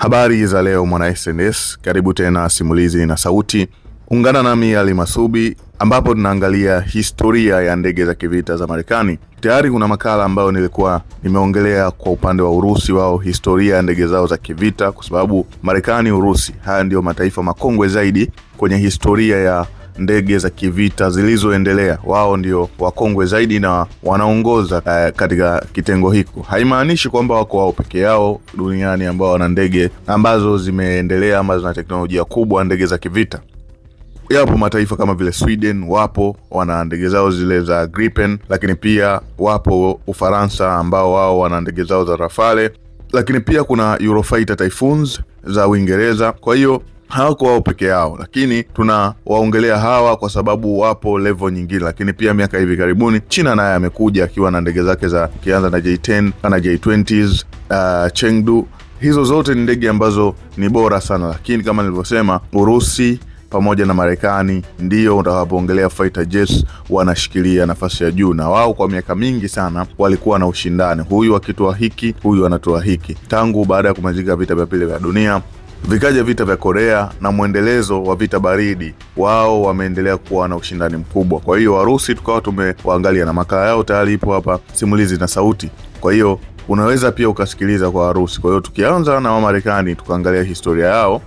Habari za leo mwana SNS, karibu tena Simulizi na Sauti. Ungana nami Ali Masubi ambapo tunaangalia historia ya ndege za kivita za Marekani. Tayari kuna makala ambayo nilikuwa nimeongelea kwa upande wa Urusi, wao historia ya ndege zao za kivita, kwa sababu Marekani, Urusi, haya ndiyo mataifa makongwe zaidi kwenye historia ya ndege za kivita zilizoendelea. Wao ndio wakongwe zaidi na wanaongoza uh, katika kitengo hiko. Haimaanishi kwamba wako wao peke yao duniani ambao wana ndege ambazo zimeendelea ama zina teknolojia kubwa, ndege za kivita Yapo mataifa kama vile Sweden, wapo wana ndege zao zile za Gripen, lakini pia wapo Ufaransa ambao wao wana ndege zao za Rafale, lakini pia kuna Eurofighter Typhoons za Uingereza. Kwa hiyo hawako wao peke yao, lakini tunawaongelea hawa kwa sababu wapo level nyingine. Lakini pia miaka hivi karibuni China naye amekuja akiwa na ndege zake za kianza na J10 na J20s, uh, Chengdu. Hizo zote ni ndege ambazo ni bora sana, lakini kama nilivyosema, Urusi pamoja na Marekani ndio utakapoongelea fighter jets wanashikilia nafasi ya juu, na wao kwa miaka mingi sana walikuwa na ushindani, huyu akitoa hiki, huyu anatoa hiki, tangu baada ya kumalizika vita vya pili vya dunia Vikaja vita vya Korea na mwendelezo wa vita baridi, wao wameendelea kuwa na ushindani mkubwa. Kwa hiyo Warusi tukawa tumewaangalia na makala yao tayari ipo hapa Simulizi na Sauti, kwa hiyo unaweza pia ukasikiliza kwa Warusi. Kwa hiyo tukianza na Wamarekani tukaangalia historia yao.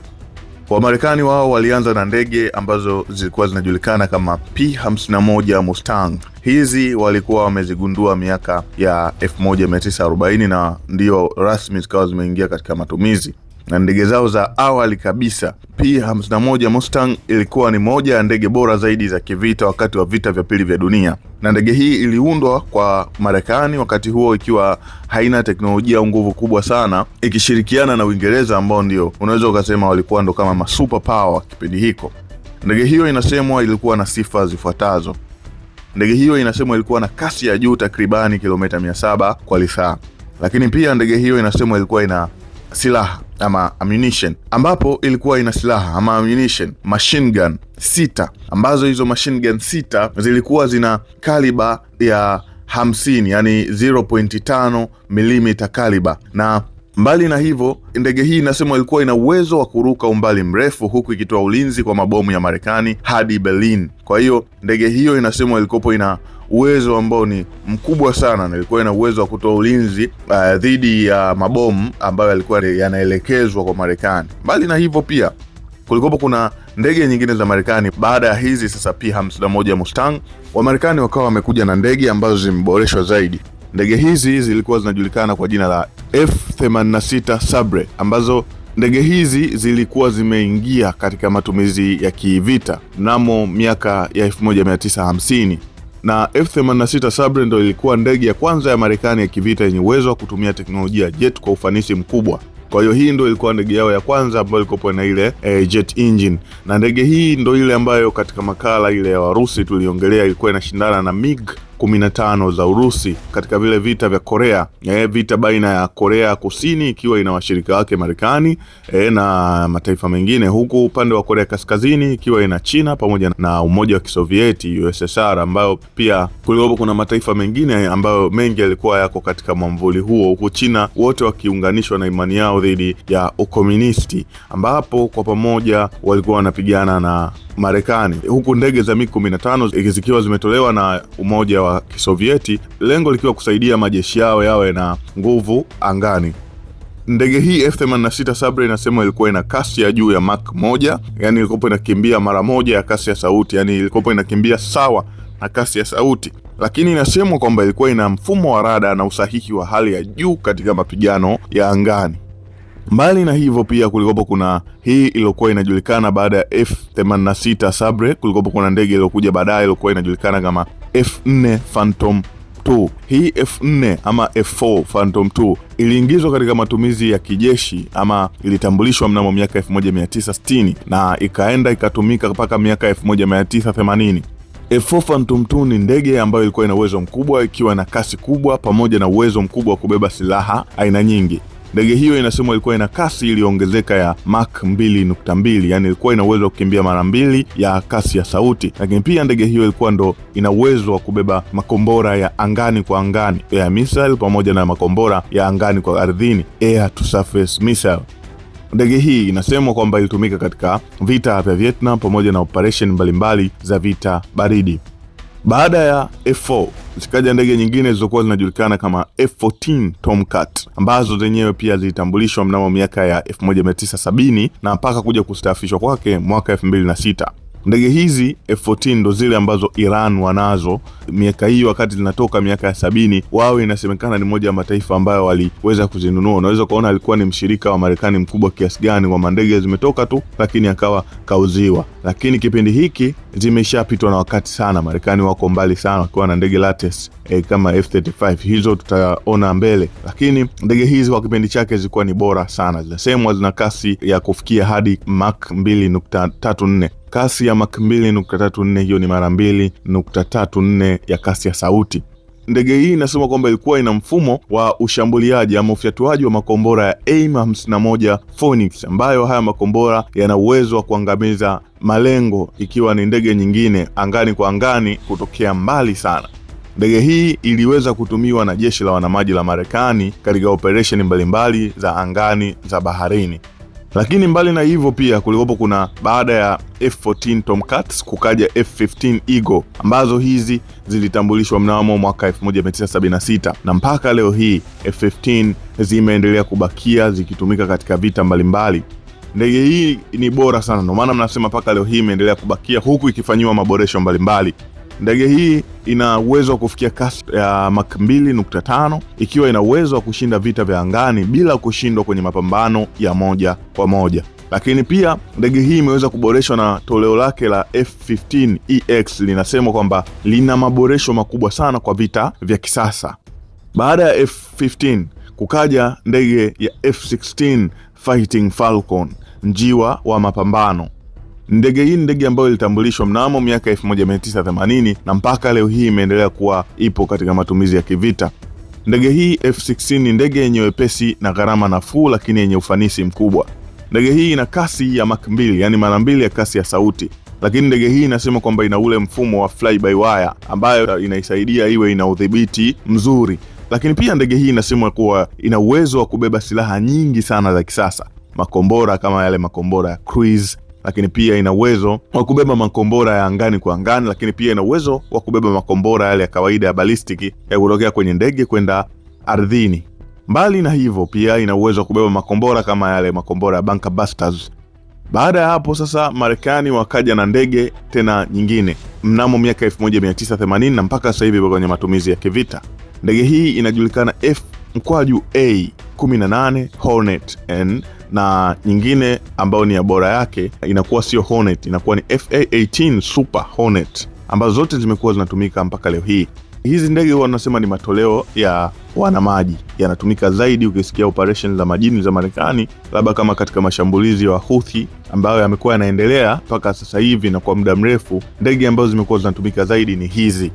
Wamarekani wao walianza na ndege ambazo zilikuwa zinajulikana kama P51 Mustang. Hizi walikuwa wamezigundua miaka ya 1940 na ndio rasmi zikawa zimeingia katika matumizi na ndege zao za awali kabisa P51 Mustang ilikuwa ni moja ya ndege bora zaidi za kivita wakati wa vita vya pili vya dunia, na ndege hii iliundwa kwa Marekani wakati huo ikiwa haina teknolojia au nguvu kubwa sana, ikishirikiana na Uingereza ambao ndio unaweza ukasema walikuwa ndo kama masuper power kipindi hiko. Ndege hiyo inasemwa ilikuwa na sifa zifuatazo. Ndege hiyo inasemwa ilikuwa na kasi ya juu takribani kilomita 700 kwa lisaa, lakini pia ndege hiyo inasemwa ilikuwa ina silaha ama ammunition, ambapo ilikuwa ina silaha ama ammunition machine gun sita, ambazo hizo machine gun sita zilikuwa zina kaliba ya 50 yani 0.5 mm kaliba na Mbali na hivyo, ndege hii inasemwa ilikuwa ina uwezo wa kuruka umbali mrefu huku ikitoa ulinzi kwa mabomu ya Marekani hadi Berlin. Kwa hiyo ndege hiyo inasemwa ilikopo ina uwezo ambao ni mkubwa sana, na ilikuwa ina uwezo wa kutoa ulinzi uh, dhidi ya mabomu ambayo yalikuwa yanaelekezwa kwa Marekani. Mbali na hivyo pia kulikuwapo kuna ndege nyingine za Marekani baada ya hizi sasa P51 Mustang, Wamarekani wakawa wamekuja na ndege ambazo zimeboreshwa zaidi. Ndege hizi zilikuwa zinajulikana kwa jina la F86 Sabre, ambazo ndege hizi zilikuwa zimeingia katika matumizi ya kivita mnamo miaka ya 1950 na F-86 Sabre ndo ilikuwa ndege ya kwanza ya Marekani ya kivita yenye uwezo wa kutumia teknolojia jet kwa ufanisi mkubwa. Kwa hiyo hii ndo ilikuwa ndege yao ya kwanza ambayo ilikuwa na ile e, jet engine, na ndege hii ndo ile ambayo katika makala ile ya Warusi tuliongelea ilikuwa inashindana na MiG 15 za Urusi katika vile vita vya Korea e, vita baina ya Korea Kusini ikiwa ina washirika wake Marekani e, na mataifa mengine, huku upande wa Korea Kaskazini ikiwa ina China pamoja na Umoja wa Kisovieti USSR, ambayo pia kulikuwa kuna mataifa mengine ambayo mengi yalikuwa yako katika mwamvuli huo, huku China wote wakiunganishwa na imani yao dhidi ya ukomunisti, ambapo kwa pamoja walikuwa wanapigana na Marekani, huku ndege za MiG 15 zikiwa zimetolewa na Umoja wa Kisovieti, lengo likiwa kusaidia majeshi yao yawe na nguvu angani. Ndege hii F86 Sabre inasema ilikuwa ina kasi ya juu ya Mach 1, yani ilikuwa inakimbia mara moja ya kasi ya sauti, yani ilikuwa inakimbia sawa na kasi ya sauti, lakini inasemwa kwamba ilikuwa ina mfumo wa rada na usahihi wa hali ya juu katika mapigano ya angani. Mbali na hivyo pia kulikopo kuna hii iliyokuwa inajulikana baada ya F86 Sabre, kulikopo kuna ndege iliyokuja baadaye iliyokuwa inajulikana kama F4 Phantom 2. Hii F4 ama F4 Phantom 2 iliingizwa katika matumizi ya kijeshi ama ilitambulishwa mnamo miaka 1960 na ikaenda ikatumika mpaka miaka 1980. F4 Phantom 2 ni ndege ambayo ilikuwa ina uwezo mkubwa, ikiwa na kasi kubwa pamoja na uwezo mkubwa wa kubeba silaha aina nyingi. Ndege hiyo inasemwa ilikuwa ina kasi iliyoongezeka ya Mach 2.2, yani ilikuwa ina uwezo wa kukimbia mara mbili ya kasi ya sauti, lakini pia ndege hiyo ilikuwa ndo ina uwezo wa kubeba makombora ya angani kwa angani air missile, pamoja na makombora ya angani kwa ardhini air to surface missile. Ndege hii inasemwa kwamba ilitumika katika vita vya Vietnam pamoja na operesheni mbalimbali za vita baridi. Baada ya F4 zikaja ndege nyingine zilizokuwa zinajulikana kama F14 Tomcat ambazo zenyewe pia zilitambulishwa mnamo miaka ya 1970 na mpaka kuja kustaafishwa kwake mwaka 2006. Ndege hizi F14 ndo zile ambazo Iran wanazo miaka hii wakati zinatoka miaka ya sabini, wao inasemekana ni moja ya mataifa ambayo waliweza kuzinunua. Unaweza kuona alikuwa ni mshirika wa Marekani mkubwa kiasi gani, kwamba ndege zimetoka tu, lakini akawa kauziwa. Lakini kipindi hiki zimeshapitwa na wakati sana, Marekani wako mbali sana wakiwa na ndege latest eh, kama F35 hizo tutaona mbele, lakini ndege hizi kwa kipindi chake zilikuwa ni bora sana, zinasemwa zina kasi ya kufikia hadi Mach 2.34 kasi ya Mach 2.34 hiyo ni mara 2.34 ya kasi ya sauti. Ndege hii inasema kwamba ilikuwa ina mfumo wa ushambuliaji ama ufyatuaji wa makombora ya AIM-51 Phoenix, ambayo haya makombora yana uwezo wa kuangamiza malengo ikiwa ni ndege nyingine angani kwa angani kutokea mbali sana. Ndege hii iliweza kutumiwa na jeshi la wanamaji la Marekani katika operesheni mbalimbali za angani za baharini. Lakini mbali na hivyo pia kulikopo kuna baada ya F14 Tomcats kukaja F15 Eagle ambazo hizi zilitambulishwa mnamo mwaka 1976 na mpaka leo hii F15 zimeendelea kubakia zikitumika katika vita mbalimbali. Ndege hii ni bora sana, ndio maana mnasema mpaka leo hii imeendelea kubakia huku ikifanyiwa maboresho mbalimbali. Ndege hii ina uwezo wa kufikia kasi ya Mach 2.5 ikiwa ina uwezo wa kushinda vita vya angani bila kushindwa kwenye mapambano ya moja kwa moja. Lakini pia ndege hii imeweza kuboreshwa na toleo lake la F-15 EX linasemwa kwamba lina maboresho makubwa sana kwa vita vya kisasa. Baada ya F-15 kukaja ndege ya F-16 Fighting Falcon, njiwa wa mapambano. Ndege hii ni ndege ambayo ilitambulishwa mnamo miaka 1980 na mpaka leo hii imeendelea kuwa ipo katika matumizi ya kivita. Ndege hii F-16 ni ndege yenye wepesi na gharama nafuu, lakini yenye ufanisi mkubwa. Ndege hii ina kasi ya Mach mbili, yani mara mbili ya kasi ya sauti, lakini ndege hii inasema kwamba ina ule mfumo wa fly by wire ambayo inaisaidia iwe ina udhibiti mzuri, lakini pia ndege hii inasemwa kuwa ina uwezo wa kubeba silaha nyingi sana za kisasa, makombora kama yale makombora ya cruise lakini pia ina uwezo wa kubeba makombora ya angani kwa angani, lakini pia ina uwezo wa kubeba makombora yale ya kawaida ya balistiki ya kutokea kwenye ndege kwenda ardhini. Mbali na hivyo, pia ina uwezo wa kubeba makombora kama yale makombora ya bunker busters. Baada ya hapo sasa, Marekani wakaja na ndege tena nyingine mnamo miaka 1980 na mpaka sasa hivi kwenye matumizi ya kivita. Ndege hii inajulikana F mkwaju A 18 Hornet N na nyingine ambayo ni ya bora yake inakuwa sio Hornet, inakuwa ni FA18 Super Hornet ambazo zote zimekuwa zinatumika mpaka leo hii. Hizi ndege huwa wanasema ni matoleo ya wanamaji, yanatumika zaidi ukisikia operation za majini za Marekani, labda kama katika mashambulizi wa Houthi ambayo yamekuwa yanaendelea mpaka sasa hivi na kwa muda mrefu. Ndege ambazo zimekuwa zinatumika zaidi ni hizi.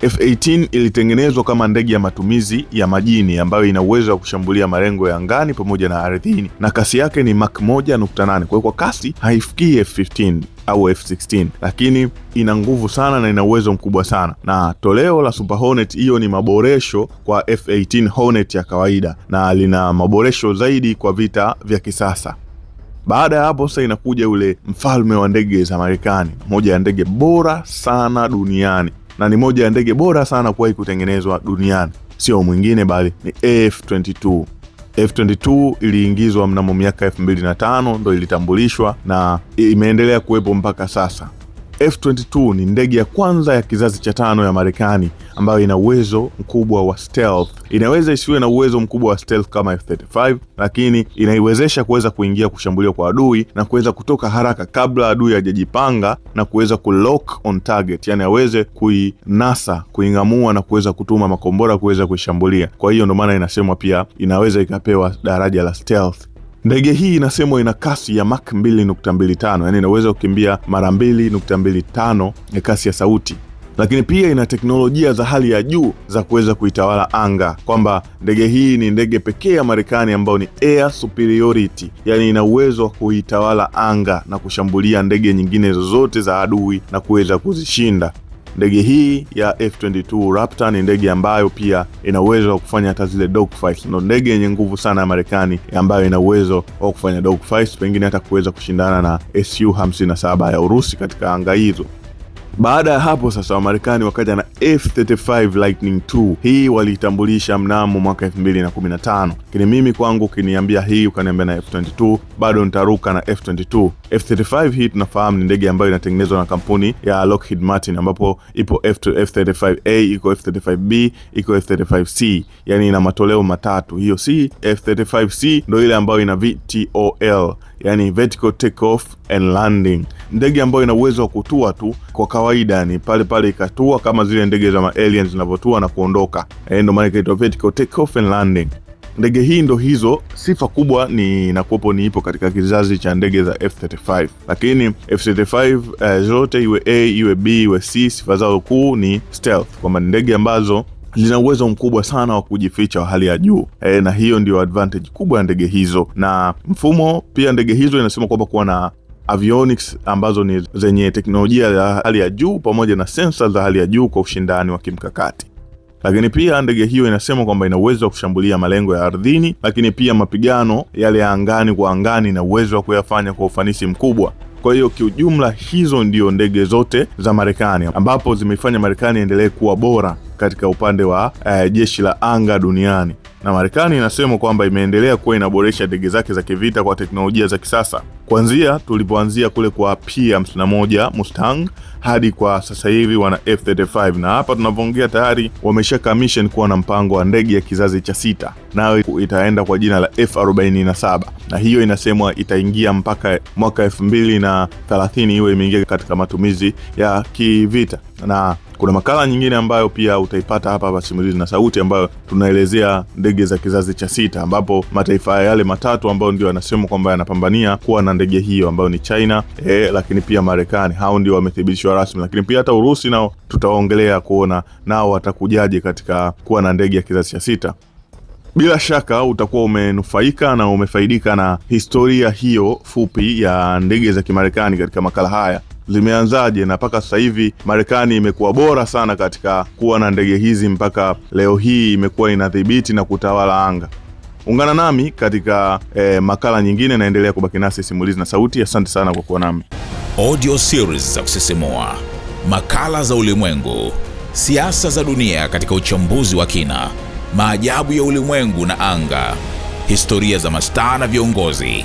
F-18 ilitengenezwa kama ndege ya matumizi ya majini ambayo ina uwezo wa kushambulia malengo ya angani pamoja na ardhini, na kasi yake ni Mach 1.8. Kwa hiyo kwa kasi haifikii F-15 au F-16 lakini ina nguvu sana na ina uwezo mkubwa sana. Na toleo la Super Hornet hiyo ni maboresho kwa F-18 Hornet ya kawaida na lina maboresho zaidi kwa vita vya kisasa. Baada ya hapo sasa inakuja ule mfalme wa ndege za Marekani, moja ya ndege bora sana duniani na ni moja ya ndege bora sana kuwahi kutengenezwa duniani, sio mwingine bali ni F22. F22 iliingizwa mnamo miaka 2005 ndo ilitambulishwa na imeendelea kuwepo mpaka sasa. F-22 ni ndege ya kwanza ya kizazi cha tano ya Marekani ambayo ina uwezo mkubwa wa stealth. Inaweza isiwe na uwezo mkubwa wa stealth kama F-35, lakini inaiwezesha kuweza kuingia kushambulia kwa adui na kuweza kutoka haraka kabla adui hajajipanga na kuweza kulock on target, yani aweze kuinasa, kuing'amua na kuweza kutuma makombora kuweza kuishambulia. Kwa hiyo ndio maana inasemwa pia inaweza ikapewa daraja la stealth. Ndege hii inasemwa ina kasi ya Mach 2.25, yani inaweza kukimbia mara 2.25 ya kasi ya sauti, lakini pia ina teknolojia za hali ya juu za kuweza kuitawala anga, kwamba ndege hii ni ndege pekee ya Marekani ambayo ni air superiority, yani ina uwezo wa kuitawala anga na kushambulia ndege nyingine zozote za adui na kuweza kuzishinda. Ndege hii ya F22 Raptor ni ndege ambayo pia ina uwezo wa kufanya hata zile dogfights. Ndio ndege yenye nguvu sana ya Marekani ambayo ina uwezo wa kufanya dogfights, pengine hata kuweza kushindana na Su 57 ya Urusi katika anga hizo. Baada ya hapo sasa, Wamarekani wakaja na F35 Lightning II. Hii waliitambulisha mnamo mwaka 2015, lakini mimi kwangu ukiniambia hii ukaniambia na F22 bado nitaruka na F22. F35 hii tunafahamu ni ndege ambayo inatengenezwa na kampuni ya Lockheed Martin, ambapo ipo F2, F35A iko F35B iko F35C, yani ina matoleo matatu. Hiyo C F35C ndio ile ambayo ina VTOL, yani vertical takeoff and landing, ndege ambayo ina uwezo wa kutua tu kwa kawaida, ni pale pale ikatua kama zile ndege za aliens zinavyotua na kuondoka. Eh, ndio maana ikaitwa vertical takeoff and landing ndege hii ndo hizo. Sifa kubwa ni nakuwepo ni ipo katika kizazi cha ndege za F35, lakini F35 uh, eh, zote iwe A iwe B iwe C, sifa zao kuu ni stealth, kwamba ni ndege ambazo lina uwezo mkubwa sana wa kujificha wa hali ya juu e, na hiyo ndio advantage kubwa ya ndege hizo. Na mfumo pia ndege hizo inasema kwamba kuwa na avionics ambazo ni zenye teknolojia ya hali ya juu pamoja na sensa za hali ya juu kwa ushindani wa kimkakati. Lakini pia ndege hiyo inasema kwamba ina uwezo wa kushambulia malengo ya ardhini, lakini pia mapigano yale ya angani kwa angani ina uwezo wa kuyafanya kwa ufanisi mkubwa. Kwa hiyo kiujumla, hizo ndio ndege zote za Marekani ambapo zimeifanya Marekani iendelee kuwa bora katika upande wa uh, jeshi la anga duniani na Marekani inasema kwamba imeendelea kuwa inaboresha ndege zake za kivita kwa teknolojia za kisasa, kuanzia tulipoanzia kule kwa P51 Mustang hadi kwa sasa hivi wana F35, na hapa tunavyoongea tayari wamesha commission kuwa na mpango wa ndege ya kizazi cha sita, nayo itaenda kwa jina la F47, na hiyo inasemwa itaingia mpaka mwaka 2030 iwe imeingia katika matumizi ya kivita na kuna makala nyingine ambayo pia utaipata hapa hapa Simulizi na Sauti, ambayo tunaelezea ndege za kizazi cha sita, ambapo mataifa yale matatu ambayo ndio yanasema kwamba yanapambania kuwa na ndege hiyo ambayo ni China e, lakini pia Marekani, hao ndio wamethibitishwa rasmi, lakini pia hata Urusi nao tutaongelea kuona nao watakujaje katika kuwa na ndege ya kizazi cha sita. Bila shaka utakuwa umenufaika na umefaidika na historia hiyo fupi ya ndege za Kimarekani katika makala haya zimeanzaje na mpaka sasa hivi Marekani imekuwa bora sana katika kuwa na ndege hizi mpaka leo hii imekuwa inadhibiti na kutawala anga. Ungana nami katika eh, makala nyingine. Naendelea kubaki nasi Simulizi na Sauti. Asante sana kwa kuwa nami. Audio series za kusisimua, makala za ulimwengu, siasa za dunia katika uchambuzi wa kina, maajabu ya ulimwengu na anga, historia za mastaa na viongozi